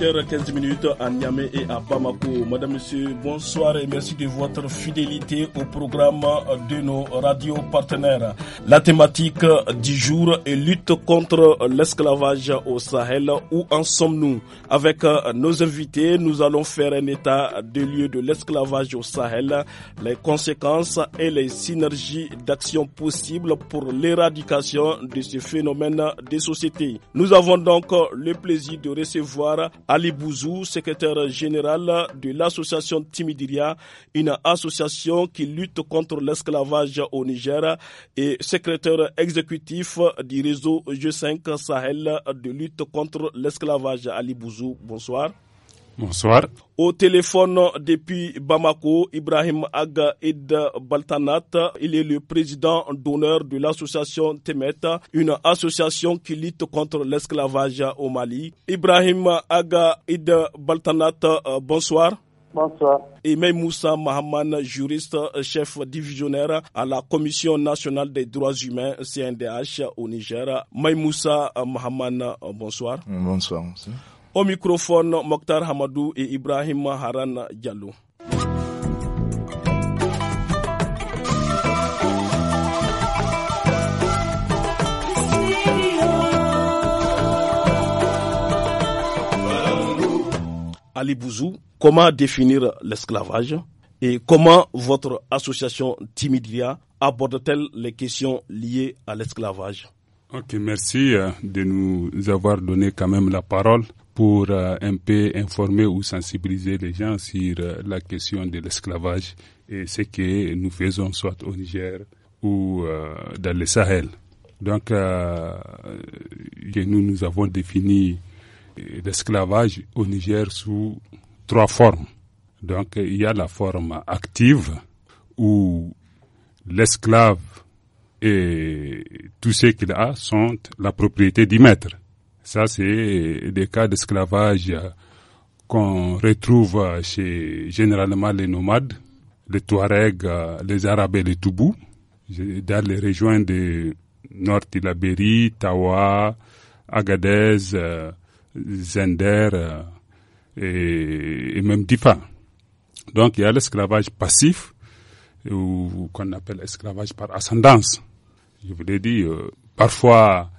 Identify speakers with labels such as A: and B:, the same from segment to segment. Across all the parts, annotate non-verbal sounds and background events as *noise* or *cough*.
A: 15 minutes à Niamey et à Bamako. Madame, Monsieur, bonsoir et merci de votre fidélité au programme de nos radios partenaires. La thématique du jour est lutte contre l'esclavage au Sahel. Où en sommes-nous Avec euh, nos invités, nous allons faire un état des lieux de, de l'esclavage au Sahel, les conséquences et les synergies d'action possibles pour l'éradication de ce phénomène des sociétés. Nous avons donc le plaisir de recevoir Ali Bouzou, secrétaire général de l'association Timidiria, une association qui lutte contre l'esclavage au Niger et secrétaire exécutif du réseau G5 Sahel de lutte contre l'esclavage. Ali Bouzou, bonsoir. Bonsoir. Au téléphone depuis Bamako, Ibrahim Aga Ed Baltanat, il est le président d'honneur de l'association Temet, une association qui lutte contre l'esclavage au Mali. Ibrahim Aga Ed Baltanat, bonsoir. Bonsoir. Et Moussa Mahaman, juriste, chef divisionnaire à la Commission nationale des droits humains, CNDH, au Niger. Moussa Mahaman, bonsoir.
B: Bonsoir. Monsieur.
A: Au microphone, Mokhtar Hamadou et Ibrahim Haran Diallo. Ali Bouzou, comment définir l'esclavage et comment votre association Timidria aborde-t-elle les questions liées à l'esclavage
C: Ok, merci euh, de nous avoir donné quand même la parole pour euh, un peu informer ou sensibiliser les gens sur euh, la question de l'esclavage et ce que nous faisons soit au Niger ou euh, dans le Sahel. Donc, nous, nous avons défini l'esclavage au Niger sous trois formes. Donc, il y a la forme active où l'esclave et tout ce qu'il a sont la propriété du maître. Ça, c'est des cas d'esclavage qu'on retrouve chez généralement les nomades, les Touaregs, les Arabes et les Toubous, dans les régions de Nord Tilaberi, Tawa, Agadez, Zender et, même Difa. Donc il y a l'esclavage passif ou qu'on appelle esclavage par ascendance. Je vous l'ai dit, euh, parfois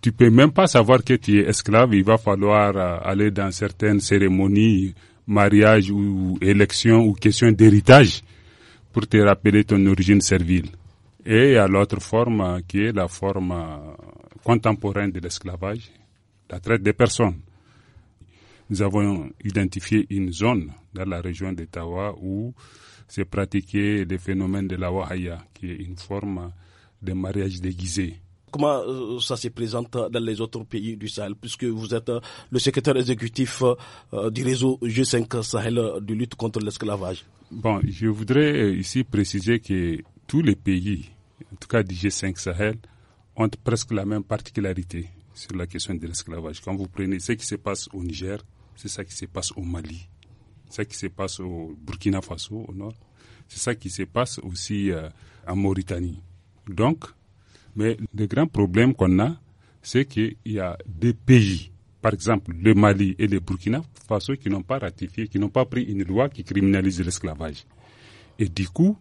C: tu peux même pas savoir que tu es esclave. Il va falloir euh, aller dans certaines cérémonies, mariage ou, élection ou question d'héritage pour te rappeler ton origine servile. Et à l'autre forme euh, qui est la forme euh, contemporaine de l'esclavage, la traite des personnes. Nous avons identifié une zone dans la région Tawa où s'est pratiqué le phénomène de la wahaya, qui est une forme de mariage déguisé Comment
A: euh, ça se présente dans les autres pays du Sahel, puisque vous êtes euh, le secrétaire exécutif
C: euh, du réseau G5
A: Sahel de lutte contre l'esclavage
C: Bon, je voudrais ici préciser que tous les pays, en tout cas du G5 Sahel, ont presque la même particularité sur la question de l'esclavage. Quand vous prenez ce qui se passe au Niger, c'est ça qui se passe au Mali, c'est ça qui se passe au Burkina Faso, au nord, c'est ça qui se passe aussi en Mauritanie. Donc, mais le grand problème qu'on a, c'est qu'il y a des pays, par exemple le Mali et le Burkina Faso, qui n'ont pas ratifié, qui n'ont pas pris une loi qui criminalise l'esclavage. Et du coup,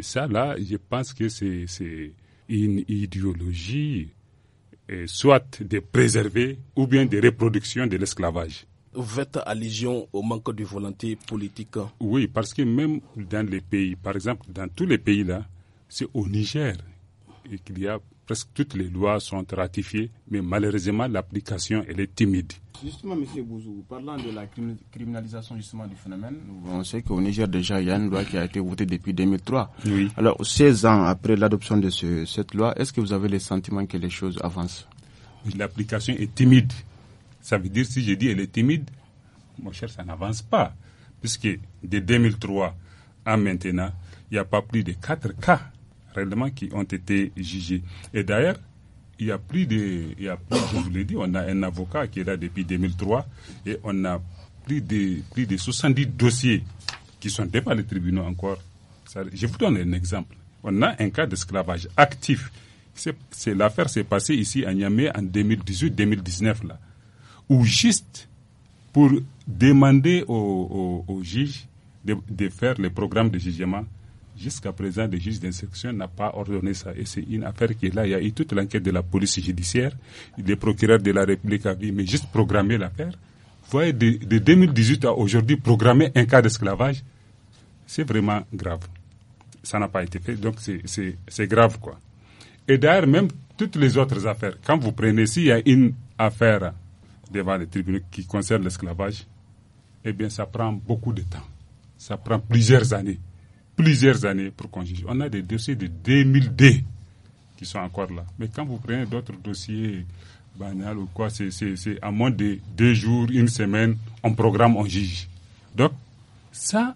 C: ça là, je pense que c'est une idéologie, soit de préserver ou bien de reproduction de l'esclavage. Vous faites allusion au manque de volonté politique. Oui, parce que même dans les pays, par exemple, dans tous les pays là, c'est au Niger et qu'il y a presque toutes les lois sont ratifiées, mais malheureusement l'application elle est timide.
D: Justement, M. Bouzou, parlant de la criminalisation justement du phénomène, on sait qu'au Niger déjà il y a une loi qui a été votée depuis 2003. Oui. Alors 16 ans après l'adoption de ce, cette loi, est-ce que vous avez le sentiment que les
C: choses avancent L'application est timide. Ça veut dire si je dis elle est timide, mon cher, ça n'avance pas, puisque de 2003 à maintenant, il n'y a pas plus de 4 cas réellement qui ont été jugés. Et d'ailleurs, il y a plus de, il y a plus, je vous l'ai dit, on a un avocat qui est là depuis 2003 et on a plus de, plus de 70 dossiers qui sont devant les tribunaux encore. je vous donne un exemple. On a un cas d'esclavage actif. C'est, l'affaire s'est passée ici à Niamey en 2018-2019 là, où juste pour demander aux au, juges de, de, faire le programme de jugement, Jusqu'à présent, le juge d'instruction n'a pas ordonné ça. Et c'est une affaire qui est là. Il y a eu toute l'enquête de la police judiciaire. Les procureurs de la République avaient mais juste programmé l'affaire. Vous voyez, de, 2018 à aujourd'hui, programmer un cas d'esclavage, c'est vraiment grave. Ça n'a pas été fait. Donc, c'est grave, quoi. Et d'ailleurs, même toutes les autres affaires, quand vous prenez, s'il y a une affaire devant les tribunaux qui concerne l'esclavage, eh bien, ça prend beaucoup de temps. Ça prend plusieurs années plusieurs années pour juge. On a des dossiers de 2002 qui sont encore là. Mais quand vous prenez d'autres dossiers banals ou quoi, c'est à moins de deux jours, une semaine, on programme, on juge. Donc, ça,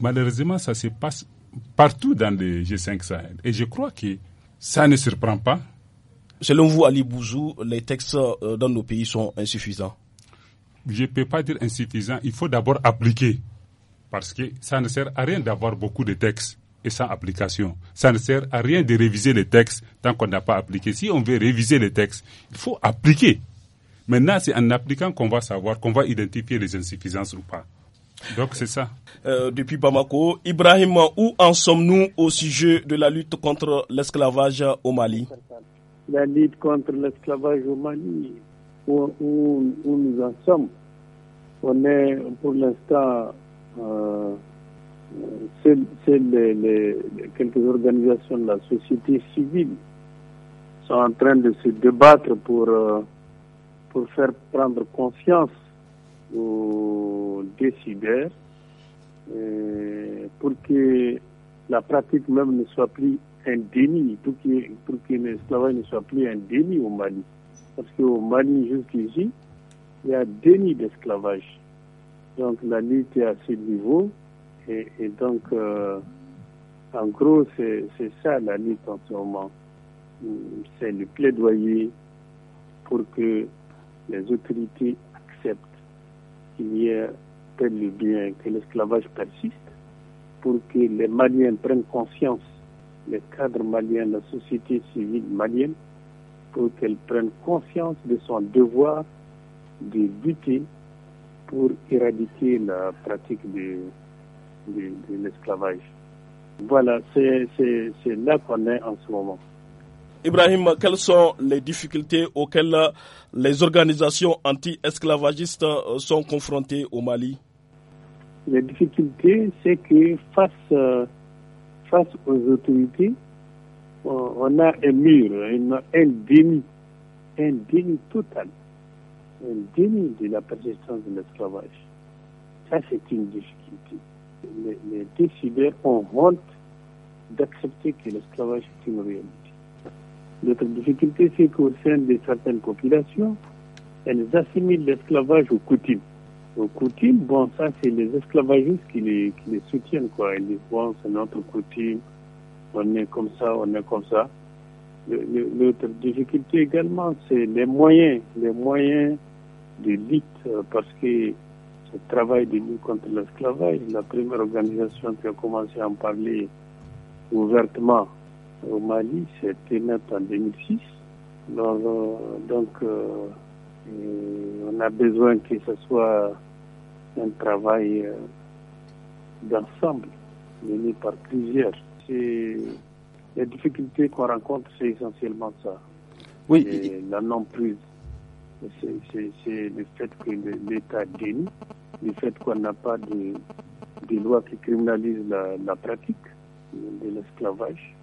C: malheureusement, ça se passe partout dans les G5 Sahel. Et je crois que ça ne surprend pas. Selon vous, Ali Bouzou, les textes euh, dans nos pays sont insuffisants Je ne peux pas dire insuffisants. Il faut d'abord appliquer. Parce que ça ne sert à rien d'avoir beaucoup de textes et sans application. Ça ne sert à rien de réviser les textes tant qu'on n'a pas appliqué. Si on veut réviser les textes, il faut appliquer. Maintenant, c'est en appliquant qu'on va savoir, qu'on va identifier les insuffisances ou pas. Donc c'est ça. Euh, depuis Bamako, Ibrahim, où en
A: sommes-nous au sujet de la lutte contre l'esclavage au Mali
E: La lutte contre l'esclavage au Mali, où, où nous en sommes, on est pour l'instant euh, c'est les, quelques organisations de la société civile sont en train de se débattre pour, euh, pour faire prendre conscience aux décideurs euh, pour que la pratique même ne soit plus un déni, pour que, pour que l'esclavage ne soit plus un déni au Mali. Parce qu'au Mali, jusqu'ici, il y a déni d'esclavage. Donc la lutte est à ce niveau. Et, donc, euh, en gros, c'est ça la lutte en ce moment. C'est le plaidoyer pour que les autorités acceptent qu'il y ait tel bien, que l'esclavage persiste, pour que les Maliens prennent conscience, les cadres maliens, la société civile malienne, pour qu'elle prenne conscience de son devoir de lutter pour éradiquer la pratique de, l'esclavage.
A: Voilà, c'est là qu'on est en ce moment. Ibrahim, quelles sont les difficultés auxquelles les organisations anti-esclavagistes euh, sont confrontées au Mali
E: Les difficultés, c'est que face, euh, face aux autorités, on a un mur, un déni, un déni total un déni de la persistance de l'esclavage. Ça, c'est une difficulté. Les, décideurs ont honte d'accepter que l'esclavage est une réalité. Notre difficulté, c'est qu'au sein de certaines populations, elles assimilent l'esclavage aux coutumes. Au coutumes, bon, ça, c'est les esclavagistes qui les, qui les soutiennent, quoi. Ils disent, bon, c'est notre coutume, on est comme ça, on est comme ça. L'autre difficulté également, c'est les moyens, les moyens de lutte euh, parce que ce travail de lutte contre l'esclavage, la première organisation qui a commencé à en parler ouvertement au Mali, c'était net en 2006. Euh, donc, euh, on a besoin que ce soit un travail d'ensemble mené par plusieurs. les difficultés qu'on rencontre, c'est essentiellement ça. Oui. Et la non-prise c'est le fait que l'État dénie, le fait qu'on n'a pas de, de loi qui criminalise la, pratique de l'esclavage.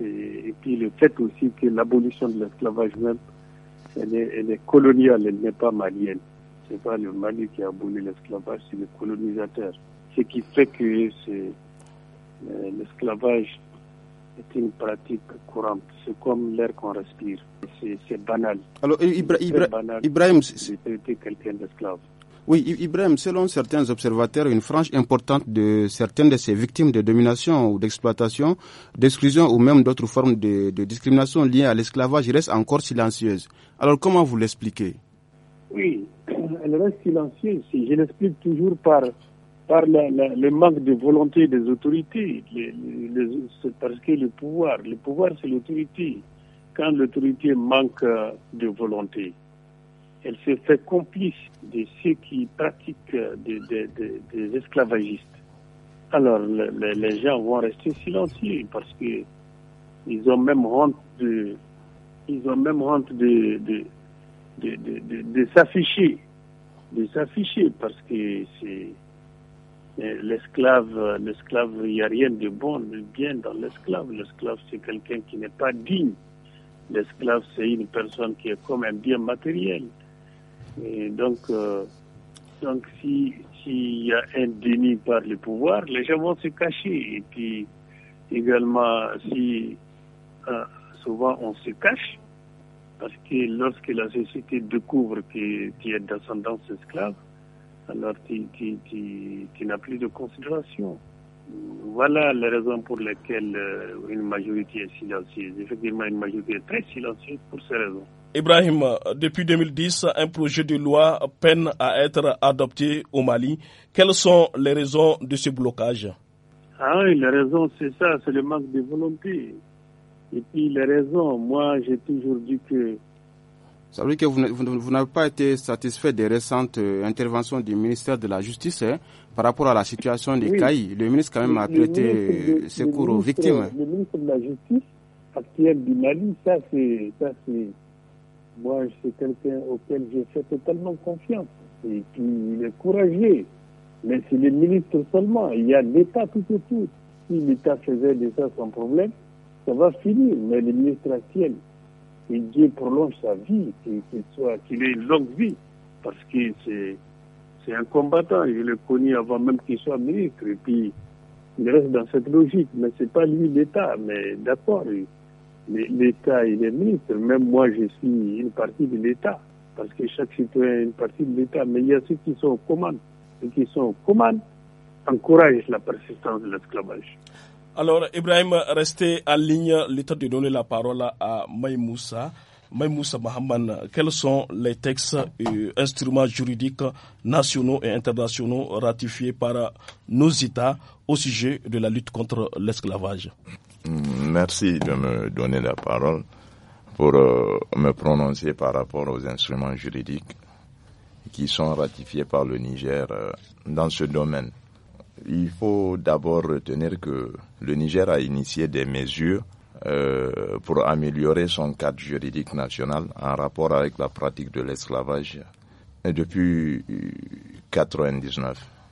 E: Et puis le fait aussi que l'abolition de l'esclavage même, elle est, coloniale, elle n'est pas malienne. Ce n'est pas le Mali qui a aboli l'esclavage, c'est le colonisateur. Ce qui fait que euh, l'esclavage c'est une pratique courante. C'est comme l'air qu'on respire.
D: C'est banal. Alors, euh, Ibrahim, Ibrahim, Oui, Ibrahim, selon certains observateurs, une frange importante de certaines de ces victimes de domination ou d'exploitation, d'exclusion ou même d'autres formes de, de, discrimination liées à l'esclavage reste encore silencieuse. Alors, comment vous l'expliquez
E: Oui, *clears throat* elle reste silencieuse. Je l'explique toujours par par le manque de volonté des autorités, les, parce que le pouvoir, le pouvoir c'est l'autorité. Quand l'autorité manque euh, de volonté, elle se fait complice de ceux qui pratiquent euh, des, esclavagistes. Alors les gens vont rester silencieux parce que ils ont même honte de, ils ont même honte de, de s'afficher, de s'afficher parce que c'est l'esclave, euh, l'esclave, il n'y a rien de bon, de bien dans l'esclave. L'esclave, c'est quelqu'un qui n'est pas digne. L'esclave, c'est une personne qui est comme un bien matériel. Et donc, euh, donc si s'il y a un déni par le pouvoir, les gens vont se cacher. Et puis, également, si euh, souvent on se cache, parce que lorsque la société découvre qu'il y a d'ascendance esclave, alors tu, n'as plus de considération. Voilà les raisons pour lesquelles euh, une majorité est silencieuse. Effectivement, une majorité est très silencieuse pour ces
A: raisons. Ibrahim, depuis 2010, un projet de loi peine à être adopté au Mali. Quelles sont les raisons de ce blocage
E: Ah oui, les raisons, c'est ça, c'est le manque de volonté. Et puis les raisons, moi j'ai toujours dit
D: que ça que vous, n'avez pas été satisfait des récentes euh, interventions du ministère de la Justice hein, par rapport à la situation des oui. Le ministre quand même a prêté euh, secours aux victimes. Hein. Le
E: ministre de la Justice actuel du Mali, ça c'est moi, c'est quelqu'un auquel j'ai fait totalement confiance et qui est courageux. Mais c'est le ministre seulement. Il y a l'État tout autour. Si l'État faisait ça son problème, ça va finir. Mais le ministre actuel, que Dieu prolonge sa vie, qu'il soit, qu'il ait une longue vie, parce que c'est, un combattant. Je l'ai connu avant même qu'il soit ministre. Et puis, il reste dans cette logique. Mais ce n'est pas lui l'État. Mais d'accord, l'État, il est ministre. Même moi, je suis une partie de l'État. Parce que chaque citoyen est une partie de l'État. Mais il y a ceux qui sont aux commandes. et qui sont aux commandes encouragent la persistance de l'esclavage.
A: Alors, Ibrahim, restez en ligne, l'état de donner la parole à Maïmoussa. Maïmoussa Mahaman, quels sont les textes et instruments juridiques nationaux et internationaux ratifiés par nos États au sujet de la lutte contre l'esclavage
B: mm, Merci de me donner la parole pour euh, me prononcer par rapport aux instruments juridiques qui sont ratifiés par le Niger euh, dans ce domaine il faut d'abord retenir que le Niger a initié des mesures euh, pour améliorer son cadre juridique national en rapport avec la pratique de l'esclavage depuis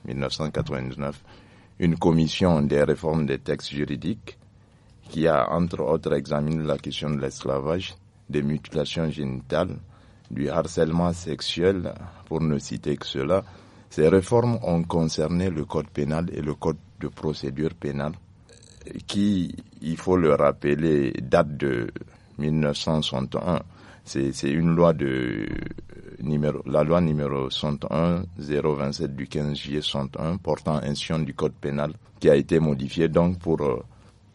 B: 1999, euh, une commission des réformes des textes juridiques qui a entre autres examiné la question de l'esclavage, des mutilations génitales, du harcèlement sexuel, pour ne citer que cela, ces réformes ont concerné le code pénal et le code de procédure pénale qui, il faut le rappeler, date de 1961. C'est une loi de numéro, la loi numéro 101 027 du 15 juillet 101 portant sion du code pénal qui a été modifié donc pour euh,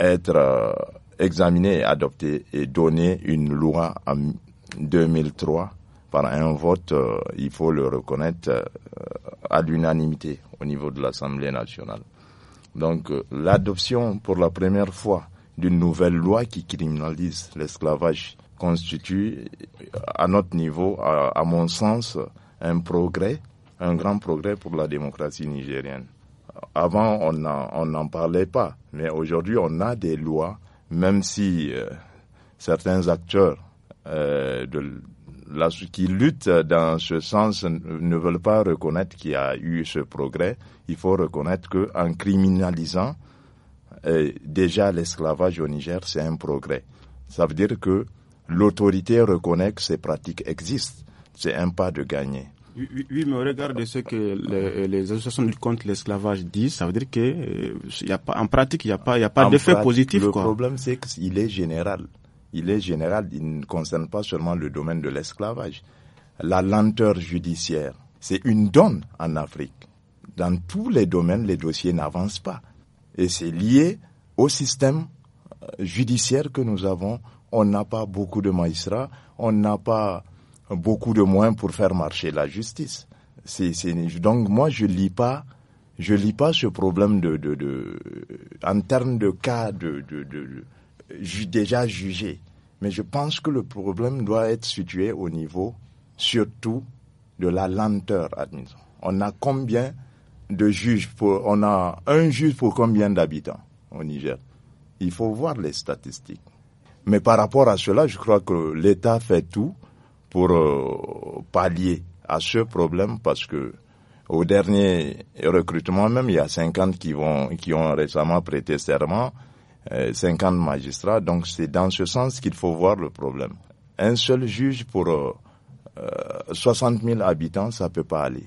B: être euh, examiné, et adoptée et donner une loi en 2003 par un vote, euh, il faut le reconnaître, euh, à l'unanimité au niveau de l'Assemblée nationale. Donc euh, l'adoption pour la première fois d'une nouvelle loi qui criminalise l'esclavage constitue, à notre niveau, à, mon sens, un progrès, un grand progrès pour la démocratie nigérienne. Avant, on n'en parlait pas, mais aujourd'hui, on a des lois, même si certains acteurs de, la, qui luttent dans ce sens ne veulent pas reconnaître qu'il y a eu ce progrès. Il faut reconnaître qu'en criminalisant euh, déjà l'esclavage au Niger, c'est un progrès. Ça veut dire que l'autorité reconnaît que ces pratiques existent. C'est un pas de gagner.
D: Oui, mais au regard de ce que les, les associations contre l'esclavage disent, ça veut dire qu'en euh, en pratique, il n'y a pas, d'effet positif. Le problème,
B: c'est qu'il est général il est général, il ne concerne pas seulement le domaine de l'esclavage. La lenteur judiciaire, c'est une donne en Afrique. Dans tous les domaines, les dossiers n'avancent pas. Et c'est lié au système euh, judiciaire que nous avons. On n'a pas beaucoup de magistrats, on n'a pas beaucoup de moyens pour faire marcher la justice. C'est, donc moi, je ne lis pas lis pas ce problème en termes de cas de, déjà jugé. Mais je pense que le problème doit être situé au niveau, surtout, de la lenteur admise. On a combien de juges pour, on a un juge pour combien d'habitants au Niger? Il faut voir les statistiques. Mais par rapport à cela, je crois que l'État fait tout pour euh, pallier à ce problème parce que au dernier recrutement même, il y a 50 qui vont, qui ont récemment prêté serment. 50 euh, magistrats. Donc c'est dans ce sens qu'il faut voir le problème. Un seul juge pour euh, euh, soixante 60 000 habitants, ça ne peut pas aller.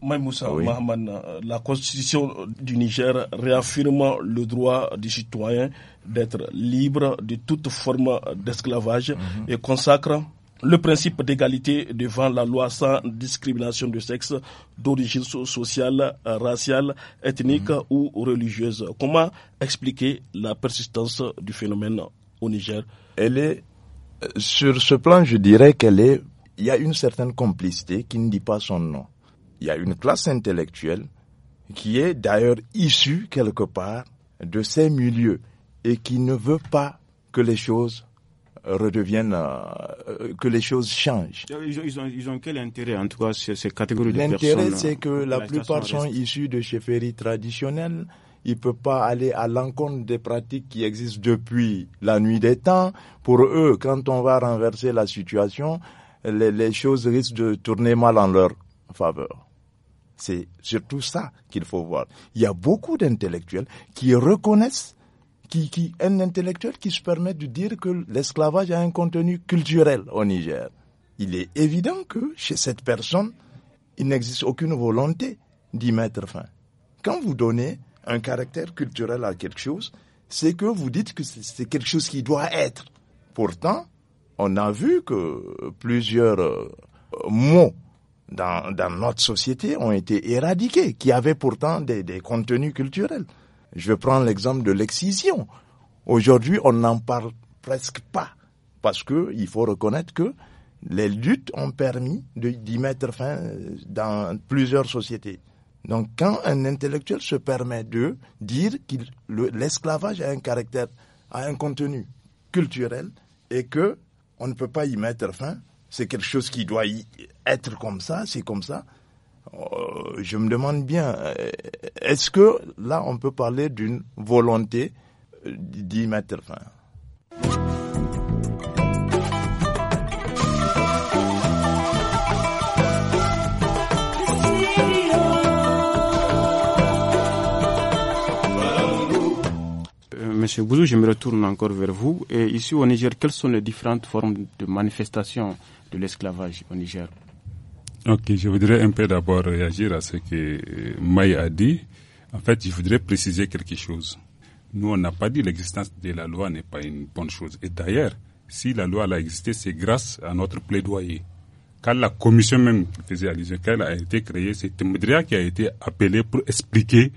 A: Maïmoussa Moussa la constitution du Niger réaffirme le droit des citoyens d'être libre de toute forme d'esclavage mhm. et consacre le principe d'égalité devant la loi sans discrimination de sexe, d'origine sociale, raciale, ethnique mhm. ou religieuse. Comment expliquer
B: la persistance du phénomène au Niger Elle est, euh, sur ce plan, je dirais qu'elle est, il y a une certaine complicité qui ne dit pas son nom. Il y a une classe intellectuelle qui est d'ailleurs issue quelque part de ces milieux et qui ne veut pas que les choses redeviennent, euh, euh, que les choses changent.
D: Ils ont, quel intérêt, en tout cas, ces, catégories de personnes L'intérêt, c'est que euh, la,
B: plupart sont issus de chefferies traditionnelles. Ils ne peuvent pas aller à l'encontre des pratiques qui existent depuis la nuit des temps. Pour eux, quand on va renverser la situation, les choses risquent de tourner mal en leur faveur. C'est surtout ça qu'il faut voir. Il y a beaucoup d'intellectuels qui reconnaissent qui, un intellectuel qui se permet de dire que l'esclavage a un contenu culturel au Niger. Il est évident que chez cette personne, il n'existe aucune volonté d'y mettre fin. Quand vous donnez un caractère culturel à quelque chose, c'est que vous dites que c'est quelque chose qui doit être. Pourtant, on a vu que plusieurs euh, mots dans, notre société ont été éradiqués, qui avaient pourtant des contenus culturels. Je prends l'exemple de l'excision. Aujourd'hui, on n'en parle presque pas parce que il faut reconnaître que les luttes ont permis d'y mettre fin euh, dans plusieurs sociétés. Donc quand un intellectuel se permet de dire que l'esclavage a un caractère, a un contenu culturel et que on ne peut pas y mettre fin, c'est quelque chose qui doit être comme ça, c'est comme ça, euh, je me demande bien, euh, est-ce que là on peut parler d'une volonté euh, d'y mettre fin
D: Monsieur Bouzou, je me retourne encore vers vous. Et ici au Niger, quelles sont les différentes formes de manifestation de l'esclavage au Niger
C: Ok, je voudrais un peu d'abord réagir à ce que euh, Maï a dit. En fait, je voudrais préciser quelque chose. Nous, on n'a pas dit l'existence de la loi n'est pas une bonne chose. Et d'ailleurs, si la loi a existé, c'est grâce à notre plaidoyer. Quand la commission même faisait allusion, quand elle a été créée, c'est Temudria qui a été appelé pour expliquer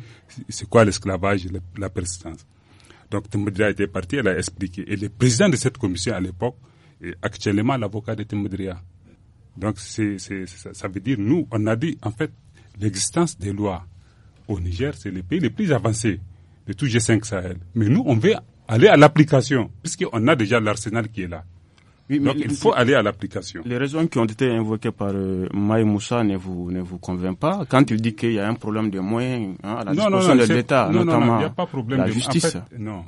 C: c'est quoi l'esclavage et la persistance. Donc Temudria était parti, elle a expliqué. Et le président de cette commission à l'époque est actuellement l'avocat de Temudria. Donc, c'est, ça veut dire, nous, on a dit, en fait, l'existence des lois au Niger, c'est le pays le plus avancé de tout G5 Sahel. Mais nous, on veut aller à l'application, puisqu'on a déjà l'arsenal qui est là. Donc, il faut aller à
D: l'application. Les raisons qui ont été invoquées par euh, Maï Moussa ne vous, ne vous convainc pas quand il dit qu'il y a un problème de moyens hein, à la disposition de l'État, notamment il a pas problème la de... justice. non,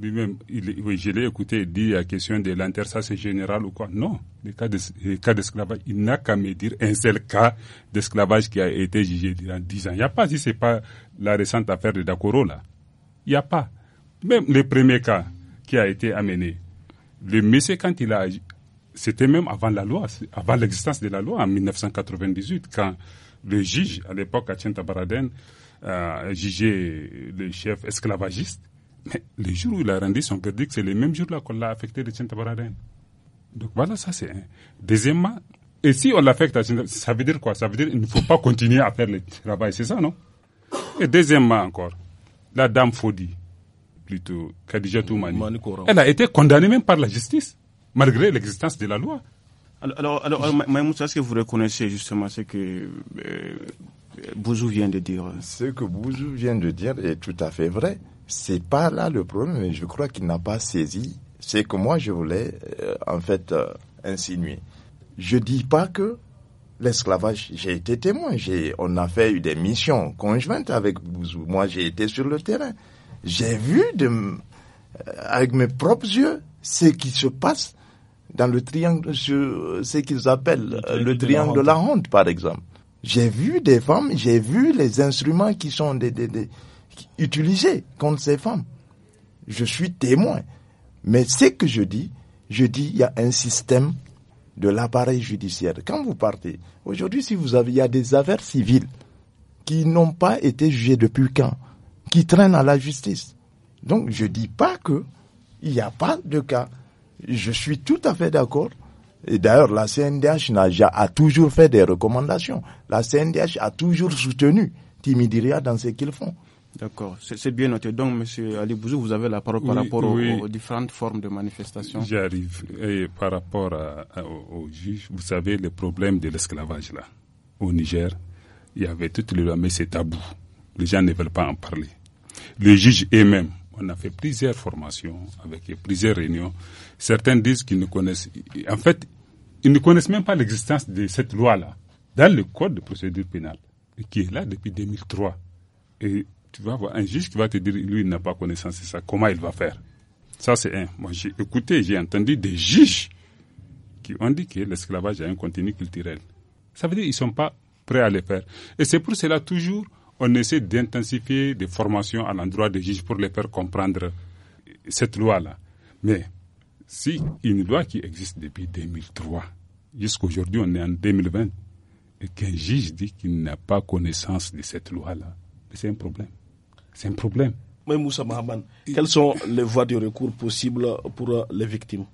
C: même oui, je l'ai écouté dit la question de l'intercession générale ou quoi. Non, le cas d'esclavage, il n'a qu'à me dire un seul cas d'esclavage qui a été jugé durant 10 ans. Il n'y a pas, si ce pas la récente affaire de Dakoro, là. Il n'y a pas. Même le premier cas qui a été amené, le monsieur, quand il a. C'était même avant la loi, avant l'existence de la loi en 1998, quand le juge, à l'époque, à Baraden, a jugé le chef esclavagiste mais les jours où il a rendu son verdict, c'est les mêmes jours là qu'on l'a affecté de Tchintabaraden. Donc voilà, ça c'est un. Deuxièmement, et si on l'affecte à ça veut dire quoi Ça veut dire qu'il ne faut pas continuer à faire le travail, c'est ça, non Et deuxièmement encore, la dame Fodi, plutôt Khadija Toumani, mmh, elle a été condamnée même par la justice, malgré l'existence de la loi.
D: Alors, alors, alors euh, ce que vous reconnaissez justement, ce que euh, Bouzou
B: vient de dire. Ce que Bouzou vient de dire est tout à fait vrai. C'est pas là le problème, mais je crois qu'il n'a pas saisi ce que moi je voulais euh, en fait euh, insinuer. Je dis pas que l'esclavage, j'ai été témoin, on a fait des missions conjointes avec Bouzou. Moi, j'ai été sur le terrain. J'ai vu euh, avec mes propres yeux ce qui se passe dans le triangle, ce qu'ils appellent le, triangle de la honte, par exemple. J'ai vu des femmes, j'ai vu les instruments qui sont des, utilisé contre ces femmes. Je suis témoin. Mais ce que je dis, je dis il y a un système de l'appareil judiciaire. Quand vous partez, aujourd'hui, si vous avez, il y a des affaires civiles qui n'ont pas été jugées depuis quand, qui traînent à la justice. Donc, je ne dis pas que il n'y a pas de cas. Je suis tout à fait d'accord. Et d'ailleurs, la CNDH a, toujours fait des recommandations. La CNDH a toujours soutenu Timidiria dans ce qu'ils font. D'accord,
D: c'est bien noté. Donc, M. Ali Bouzou, vous avez la parole par rapport aux, différentes formes de manifestation.
C: J'arrive. Et par rapport au, juge, vous savez, le problème de l'esclavage, là, au Niger, il y avait toutes les lois, mais c'est tabou. Les gens ne veulent pas en parler. Les juges eux-mêmes, on a fait plusieurs formations, avec plusieurs réunions. Certains disent qu'ils ne connaissent, en fait, ils ne connaissent même pas l'existence de cette loi-là dans le code de procédure pénale, qui est là depuis 2003. Et tu vas avoir un juge qui va te dire, lui, il n'a pas connaissance de ça. Comment il va faire Ça, c'est un. Moi, j'ai écouté, j'ai entendu des juges qui ont dit que l'esclavage a un contenu culturel. Ça veut dire qu'ils ne sont pas prêts à le faire. Et c'est pour cela, toujours, on essaie d'intensifier des formations à l'endroit des juges pour les faire comprendre cette loi-là. Mais si une loi qui existe depuis 2003, aujourd'hui on est en 2020, et qu'un juge dit qu'il n'a pas connaissance de cette loi-là, c'est un problème. C'est un problème.
A: Mais Moussa Mahaman, quelles sont les
B: voies de recours possibles pour les victimes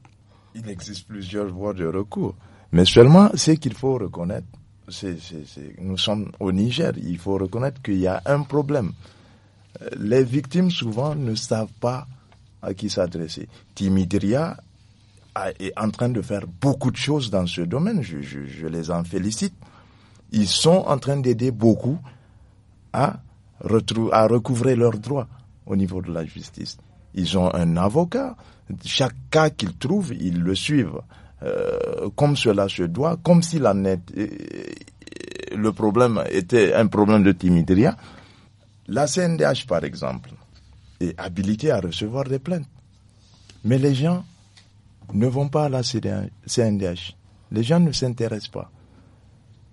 B: Il existe plusieurs voies de recours. Mais seulement, ce qu'il faut reconnaître, c'est, nous sommes au Niger, il faut reconnaître qu'il y a un problème. Euh, les victimes, souvent, ne savent pas à qui s'adresser. Timidria est en train de faire beaucoup de choses dans ce domaine, je, je, je les en félicite. Ils sont en train d'aider beaucoup à à recouvrer leurs droits au niveau de la justice. Ils ont un avocat. Chaque cas qu'ils trouvent, ils le suivent euh, comme cela se doit, comme si la euh, euh, le problème était un problème de timidité. La CNDH, par exemple, est habilitée à recevoir des plaintes. Mais les gens ne vont pas à la CNDH. Les gens ne s'intéressent pas.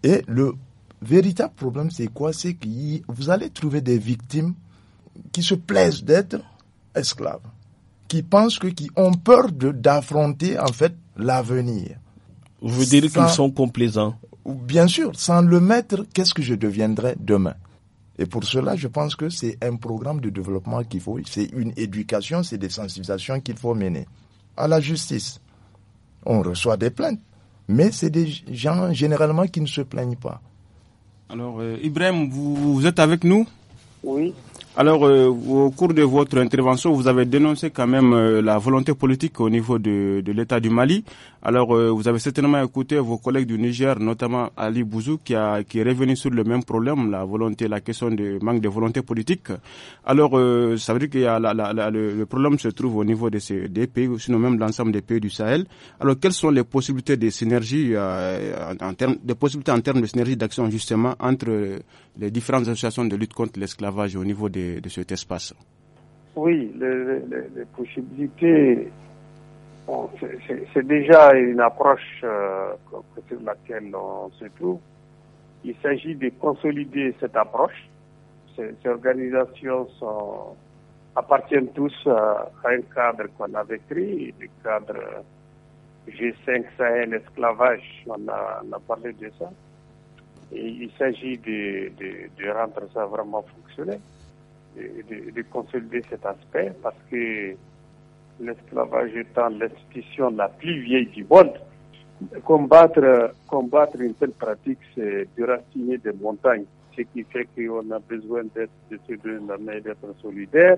B: Et le véritable problème, c'est quoi C'est que vous allez trouver des victimes qui se plaisent d'être esclaves, qui pensent que, ont peur de, d'affronter, en fait, l'avenir. Vous direz qu'ils sont complaisants Bien sûr, sans le maître, qu'est-ce que je deviendrai demain et pour cela, je pense que c'est un programme de développement qu'il faut, c'est une éducation, c'est des sensibilisations qu'il faut mener. À la justice, on reçoit des plaintes, mais c'est des gens généralement qui ne se plaignent pas.
D: Alors, euh, Ibrahim, vous, vous êtes avec nous Oui. Alors, euh, au cours de votre intervention, vous avez dénoncé quand même euh, la volonté politique au niveau de, l'État du Mali. Alors, euh, vous avez certainement écouté vos collègues du Niger, notamment Ali Bouzou, qui, a, qui est revenu sur le même problème, la volonté, la question du manque de volonté politique. Alors, ça veut dire qu'il a le, problème se trouve au niveau de ces, des pays, sinon même l'ensemble des pays du Sahel. Alors, quelles sont les possibilités de synergie, en, termes, des possibilités en termes de synergie d'action justement entre les différentes associations de lutte contre l'esclavage au niveau des cet espace
E: Oui, les, possibilités, c'est déjà une approche euh, sur laquelle on se trouve. Il s'agit de consolider cette approche. Ces, organisations appartiennent tous à, un cadre qu'on avait créé, le cadre G5 Sahel esclavage, on a, parlé de ça. il s'agit de, rendre ça vraiment fonctionnel de, consolider cet aspect parce que l'esclavage étant l'institution la plus vieille du monde, combattre, combattre une telle pratique, c'est raciner des montagnes, ce qui fait qu'on a besoin d'être de se donner la main, d'être solidaire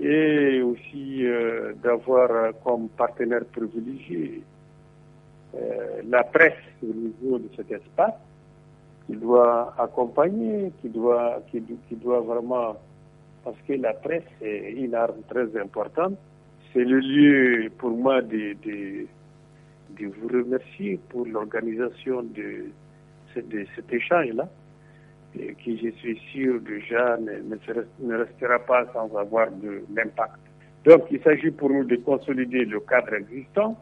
E: et aussi euh, d'avoir comme partenaire privilégié euh, la presse au niveau de cet espace qui doit accompagner, qui doit, qui, doit vraiment, parce que la presse est une arme très importante. C'est le lieu pour moi de, de, vous remercier pour l'organisation de, de, cet échange-là, qui je suis sûr déjà ne, ne restera pas sans avoir de l'impact. Donc il s'agit pour nous de consolider le cadre existant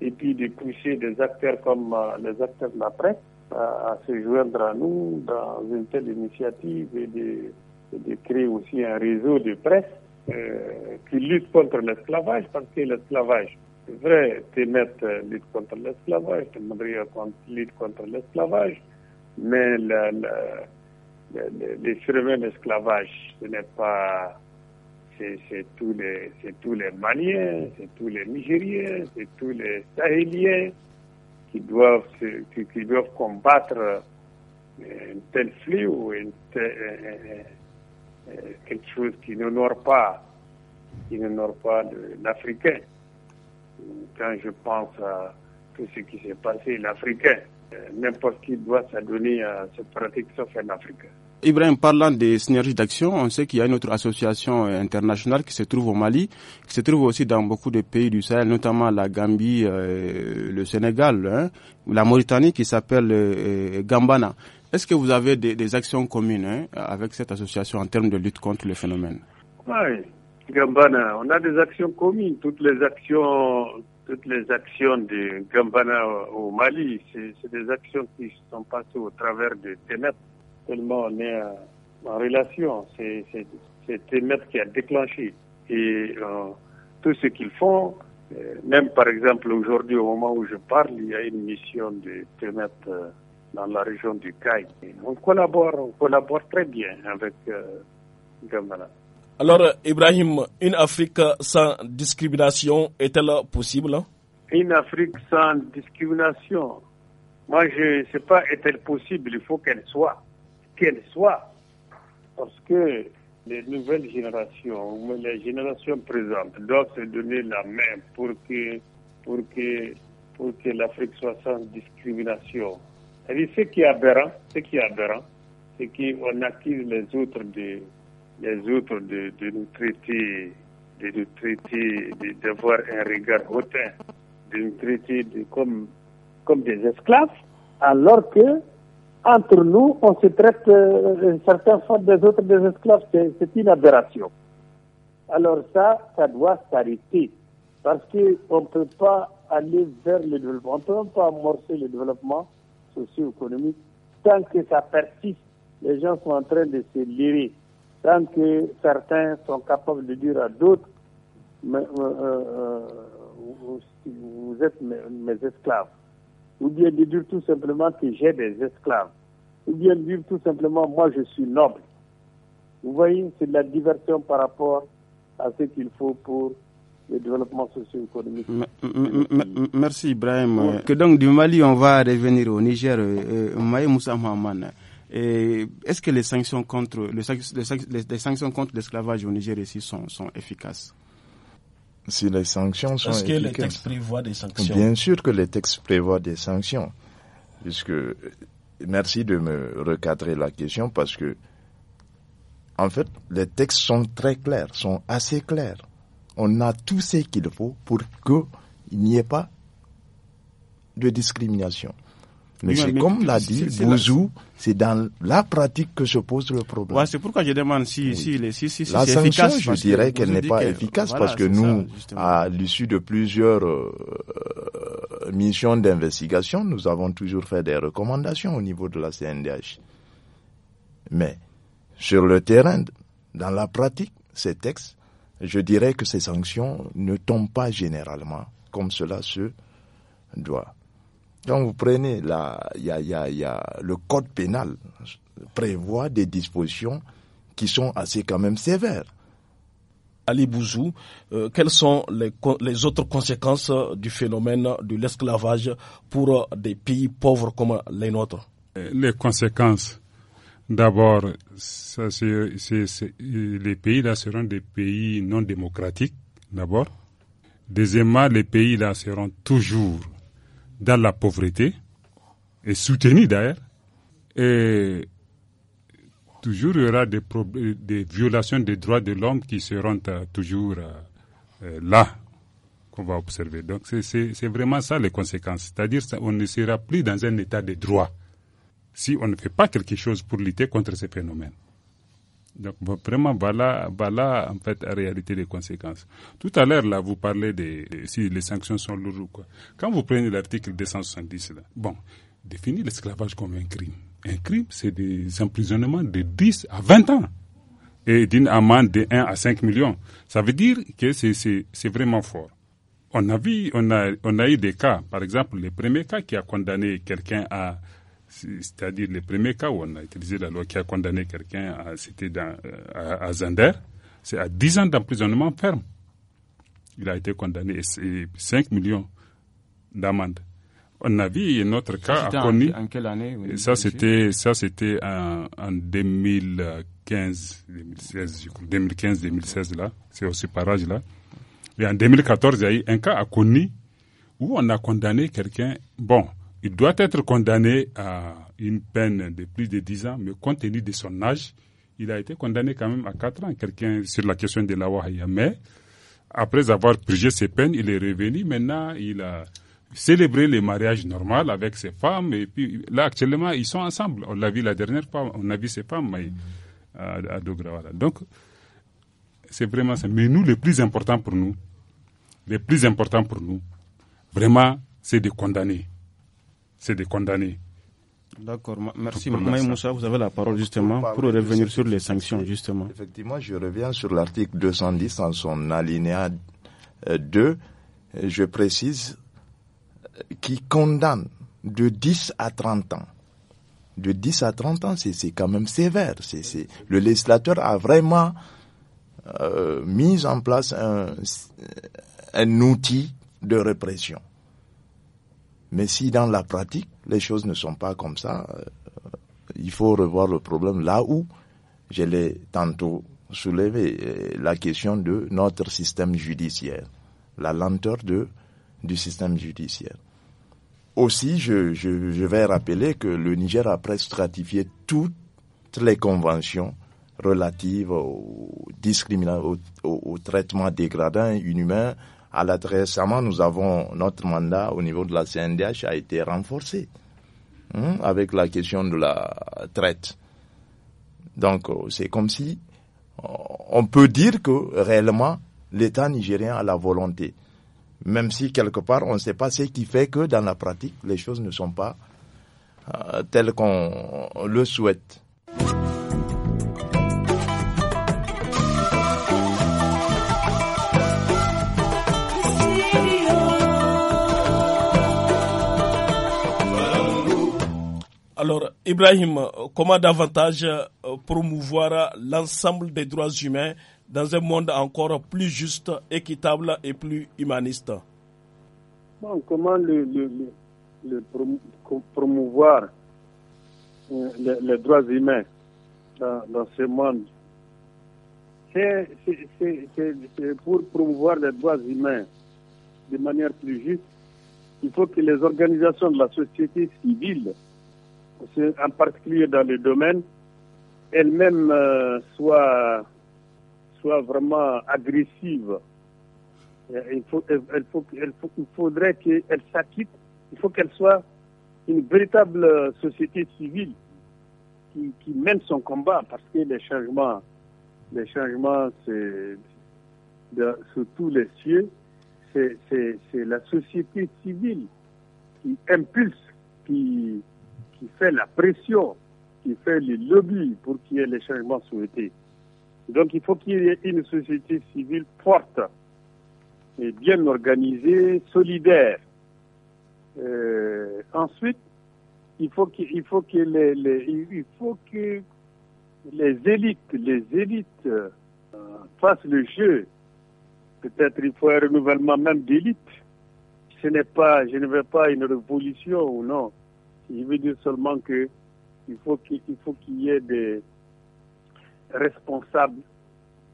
E: et puis de pousser des acteurs comme euh, les acteurs de la presse à, se joindre à nous dans une telle initiative et de, créer aussi un réseau de presse euh, qui lutte contre l'esclavage, parce que l'esclavage, c'est vrai, mettre euh, lutte contre l'esclavage, maîtres lutte contre l'esclavage, mais la, les chemins d'esclavage, ce n'est pas c'est tous les c'est tous les Maliens, c'est tous les Nigériens, c'est tous les Sahéliens, qui doivent, qui, doivent combattre euh, un tel flux ou euh, euh, quelque chose qui n'honore pas, qui n'honore pas l'Africain. Quand je pense à tout ce qui s'est passé, l'Africain, n'importe qui doit s'adonner à cette pratique sauf un Africain.
D: Ibrahim, parlant des synergies d'action, on sait qu'il y a une autre association euh, internationale qui se trouve au Mali, qui se trouve aussi dans beaucoup de pays du Sahel, notamment la Gambie, euh, le Sénégal, hein, la Mauritanie, qui s'appelle euh, Gambana. Est-ce que vous avez des, actions communes hein, avec cette association en termes de lutte contre le phénomène
E: Oui, Gambana, on a des actions communes. Toutes les actions, toutes les actions de Gambana au Mali, c'est des actions qui sont passées au travers de ténèbres tellement on est euh, en relation. C'est Temet qui a déclenché. Et euh, tout ce qu'ils font, euh, même par exemple aujourd'hui, au moment où je parle, il y a une mission de Temet dans la région du CAI. On collabore, on collabore très bien avec Gamala.
A: Alors, Ibrahim, une Afrique sans discrimination est-elle possible
E: Une Afrique sans discrimination, moi je ne sais pas, est-elle possible Il faut qu'elle soit qu'elle soit, parce que les nouvelles générations, ou les générations présentes, doivent se donner la main pour que, pour que, pour que l'Afrique soit sans discrimination. Et ce qui est aberrant, ce qui aberrant, c'est qu'on accuse les autres de, les autres de, de nous traiter, de nous d'avoir un regard hautain, de nous traiter de, comme, comme des esclaves, alors que entre nous, on se traite euh, certaines certains fois des autres des esclaves. C'est une aberration. Alors ça, ça doit s'arrêter. Parce qu'on ne peut pas aller vers le développement, on ne peut pas amorcer le développement socio-économique tant que ça persiste. Les gens sont en train de se lirer. Tant que certains sont capables de dire à d'autres, euh, euh, vous, êtes mes esclaves ou bien de dire tout simplement que j'ai des esclaves, ou bien de dire tout simplement moi je suis noble. Vous voyez, c'est de la diversion par rapport à ce qu'il faut pour le
D: développement socio-économique. Merci Ibrahim. Euh, que donc du Mali, on va revenir au Niger. Euh, euh Maï est-ce que les sanctions contre, les, sanctions contre l'esclavage au Niger ici sont efficaces
B: si les sanctions sont Est-ce que les textes
A: prévoient des sanctions Bien
B: sûr que les textes prévoient des sanctions. Puisque, merci de me recadrer la question parce que, en fait, les textes sont très clairs, sont assez clairs. On a tout ce qu'il faut pour qu'il n'y ait pas de discrimination. Mais c'est comme l'a dit Bouzou, c'est dans la pratique que se pose le problème.
D: c'est pourquoi je demande si, si, si, si, si la sanction, je dirais qu'elle n'est pas efficace parce que nous,
B: à l'issue de plusieurs euh, missions d'investigation, nous avons toujours fait des recommandations au niveau de la CNDH. Mais sur le terrain, dans la pratique, ces textes, je dirais que ces sanctions ne tombent pas généralement comme cela se doit. Donc vous prenez la, y y le code pénal prévoit des dispositions qui sont assez quand même sévères. Ali Bouzou, euh,
A: quelles sont les, les, autres conséquences euh, du phénomène de l'esclavage pour euh,
C: des pays pauvres comme les nôtres Les conséquences, d'abord, les pays-là seront des pays non démocratiques, d'abord. Deuxièmement, les pays-là seront toujours dans la pauvreté, et soutenu d'ailleurs, et toujours il y aura des, des violations des droits de l'homme qui seront euh, toujours euh, euh, là qu'on va observer. Donc c'est vraiment ça les conséquences. C'est-à-dire on ne sera plus dans un état de droit si on ne fait pas quelque chose pour lutter contre ces phénomènes. Donc vraiment, voilà, en fait la réalité des conséquences. Tout à l'heure, là, vous parlez de, si les sanctions sont lourdes ou quoi. Quand vous prenez l'article 270, là, bon, définit l'esclavage comme un crime. Un crime, c'est des emprisonnements de 10 à 20 ans et d'une amende de 1 à 5 millions. Ça veut dire que c'est vraiment fort. On a vu, on a, on a eu des cas, par exemple, le premier cas qui a condamné quelqu'un à c'est-à-dire le premier cas où on a utilisé la loi qui a condamné quelqu'un c'était euh, à, à, Zander, c'est à 10 ans d'emprisonnement ferme. Il a été condamné et c'est 5 millions d'amende. On a vu un autre cas à connu... En, quelle année Ça, c'était, ça, c'était en, 2015, 2016, 2015, 2016, là. C'est aussi parage, là. Et en 2014, il y a eu un cas à connu où on a condamné quelqu'un. Bon, il doit être condamné à une peine de plus de 10 ans, mais compte tenu de son âge, il a été condamné quand même à 4 ans, quelqu'un sur la question de la Wahaya. Mais après avoir purgé ses peines, il est revenu. Maintenant, il a célébré le mariage normal avec ses femmes. Et puis là, actuellement, ils sont ensemble. On l'a vu la dernière fois, on a vu ses femmes à, à Donc, c'est vraiment ça. Mais nous, le plus important pour nous, le plus important pour nous, vraiment, c'est de condamner c'est de condamner.
D: D'accord, merci. vous avez la parole justement pour, revenir
B: sur les sanctions justement. Effectivement, je reviens sur l'article 210 en son alinéa 2. Euh, je précise euh, qui condamne de 10 à 30 ans. De 10 à 30 ans, c'est quand même sévère. le législateur a vraiment euh, mis en place un outil de répression. Mais si dans la pratique, les choses ne sont pas comme ça, euh, il faut revoir le problème là où je l'ai tantôt soulevé, euh, la question de notre système judiciaire, la lenteur de, du système judiciaire. Aussi, je, je, vais rappeler que le Niger a presque ratifié toutes les conventions relatives aux au, au, au traitement dégradant, inhumain, à récemment, nous avons notre mandat au niveau de la CNDH a été renforcé hein, avec la question de la traite. Donc euh, c'est comme si euh, on peut dire que réellement l'État nigérien a la volonté, même si quelque part on ne sait pas ce qui fait que dans la pratique les choses ne sont pas euh, telles qu'on le souhaite.
A: Alors, Ibrahim, euh, comment davantage euh, promouvoir l'ensemble des droits humains dans un monde encore plus juste, équitable et plus humaniste
E: Comment promouvoir euh, les, droits humains dans, ce monde C'est pour promouvoir les droits humains de manière plus juste, il faut que les organisations de la société civile en particulier dans le domaine, elle-même euh, soit, soit vraiment agressive. Euh, il, faut, faudrait qu'elle s'acquitte, il faut qu'elle soit une véritable société civile qui, mène son combat parce que les changements, les changements, c'est sur tous les cieux, c'est la société civile qui impulse, qui, qui fait la pression, qui fait les lobby pour qu'il y ait les changements souhaités. Donc il faut qu'il y ait une société civile forte, et bien organisée, solidaire. Euh, ensuite, il faut que, faut que les, il faut que les élites, les élites euh, fassent le jeu. Peut-être il faut un renouvellement même d'élite. Ce n'est pas, je ne veux pas une révolution ou non. Il veut dire seulement qu'il il faut qu'il y ait des responsables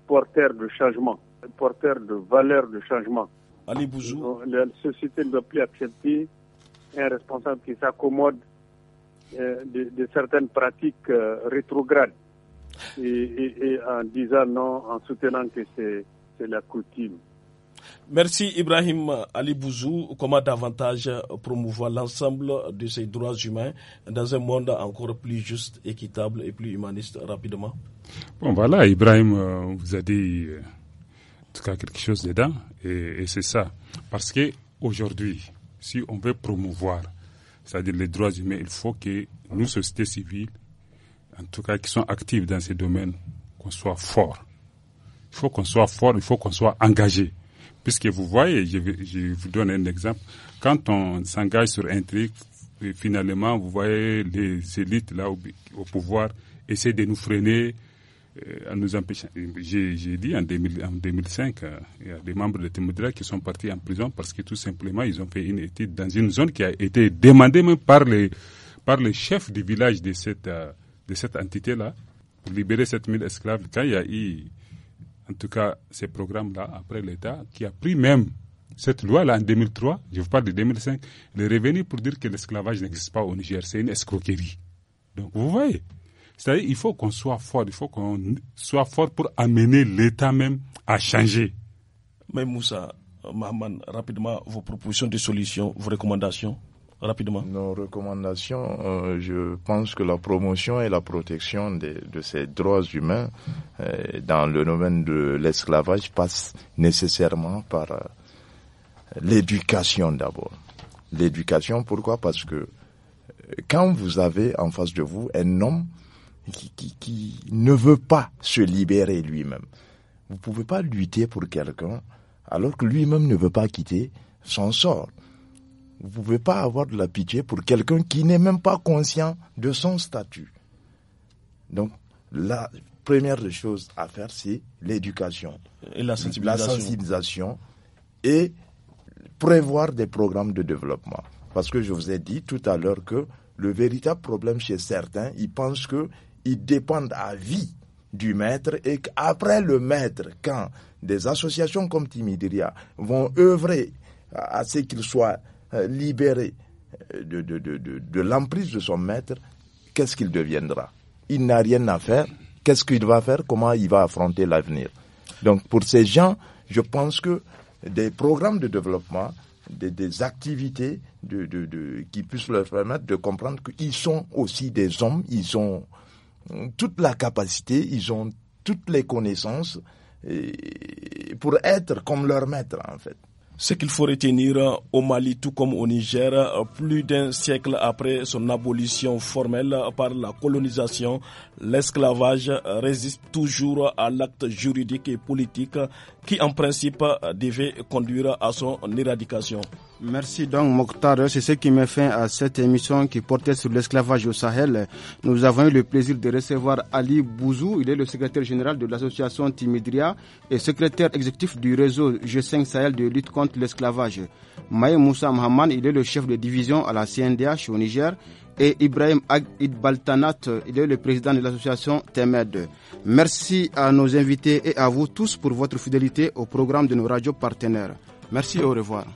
E: porteurs de changement, porteurs de valeurs de changement.
A: Allez, bonjour.
E: La société ne doit plus accepter un responsable qui s'accommode euh, de, certaines pratiques euh, rétrogrades et, et en disant non, en soutenant que c'est la coutume.
A: Merci Ibrahim Ali Bouzou. Comment davantage promouvoir l'ensemble de ces droits humains dans un monde encore plus juste, équitable et plus humaniste rapidement
C: Bon voilà, Ibrahim euh, vous a dit euh, en tout cas quelque chose dedans et, c'est ça. Parce que aujourd'hui, si on veut promouvoir, c'est-à-dire les droits humains, il faut que nous, sociétés civiles, en tout cas qui sont actives dans ces domaines, qu'on soit forts. Il faut qu'on soit fort, il faut qu'on soit engagés. Puisque vous voyez, je, vous donne un exemple. Quand on s'engage sur un truc, finalement, vous voyez les élites là au, pouvoir essayer de nous freiner euh, nous empêcher. J'ai dit en, 2005, euh, il y a des membres de Timoudra qui sont partis en prison parce que tout simplement, ils ont fait une étude dans une zone qui a été demandée même par les, par les chefs du village de cette, euh, de cette entité-là pour libérer 7000 esclaves. Quand il y a eu en tout cas ces programmes-là après l'État, qui a pris même cette loi-là en 2003, je vous parle de 2005, les revenus pour dire que l'esclavage n'existe pas au Niger, c'est une escroquerie. Donc vous voyez, c'est-à-dire il faut qu'on soit fort, il faut qu'on soit fort pour amener l'État même à changer. Mais Moussa,
B: Mahman, rapidement, vos propositions de solutions, vos recommandations rapidement Nos recommandations, euh, je pense que la promotion et la protection de ces droits humains euh, dans le domaine de l'esclavage passe nécessairement par euh, l'éducation d'abord. L'éducation, pourquoi Parce que quand vous avez en face de vous un homme qui, qui ne veut pas se libérer lui-même, vous ne pouvez pas lutter pour quelqu'un alors que lui-même ne veut pas quitter son sort. Vous ne pouvez pas avoir de la pitié pour quelqu'un qui n'est même pas conscient de son statut. Donc, la première chose à faire, c'est l'éducation. Et la sensibilisation. La sensibilisation et prévoir des programmes de développement. Parce que je vous ai dit tout à l'heure que le véritable problème chez certains, ils pensent qu'ils dépendent à vie du maître et qu'après le maître, quand des associations comme Timidiria vont œuvrer à ce qu'il soient... Euh, libéré euh, de, de, l'emprise de son maître, qu'est-ce qu'il deviendra Il n'a rien à faire. Qu'est-ce qu'il va faire Comment il va affronter l'avenir Donc pour ces gens, je pense que des programmes de développement, des, activités qui puissent leur permettre de comprendre qu'ils sont aussi des hommes, ils ont toute la capacité, ils ont toutes les connaissances pour être comme leur maître
A: en fait. Ce qu'il faut retenir au Mali tout comme au Niger, plus d'un siècle après son abolition formelle par la colonisation, l'esclavage résiste toujours à l'acte juridique et politique qui en principe devait conduire à son éradication.
D: Merci donc Mokhtar, c'est ce qui met fin à cette émission qui portait sur l'esclavage au Sahel. Nous avons eu le plaisir de recevoir Ali Bouzou, il est le secrétaire général de l'association Timidria et secrétaire exécutif du réseau G5 Sahel de lutte contre l'esclavage. Maï Moussa Mahaman, il est le chef de division à la CNDH au Niger et Ibrahim Agid Baltanat, il est le président de l'association Temed. Merci à nos invités et à vous tous pour votre fidélité au programme de nos radios partenaires. Merci et au revoir.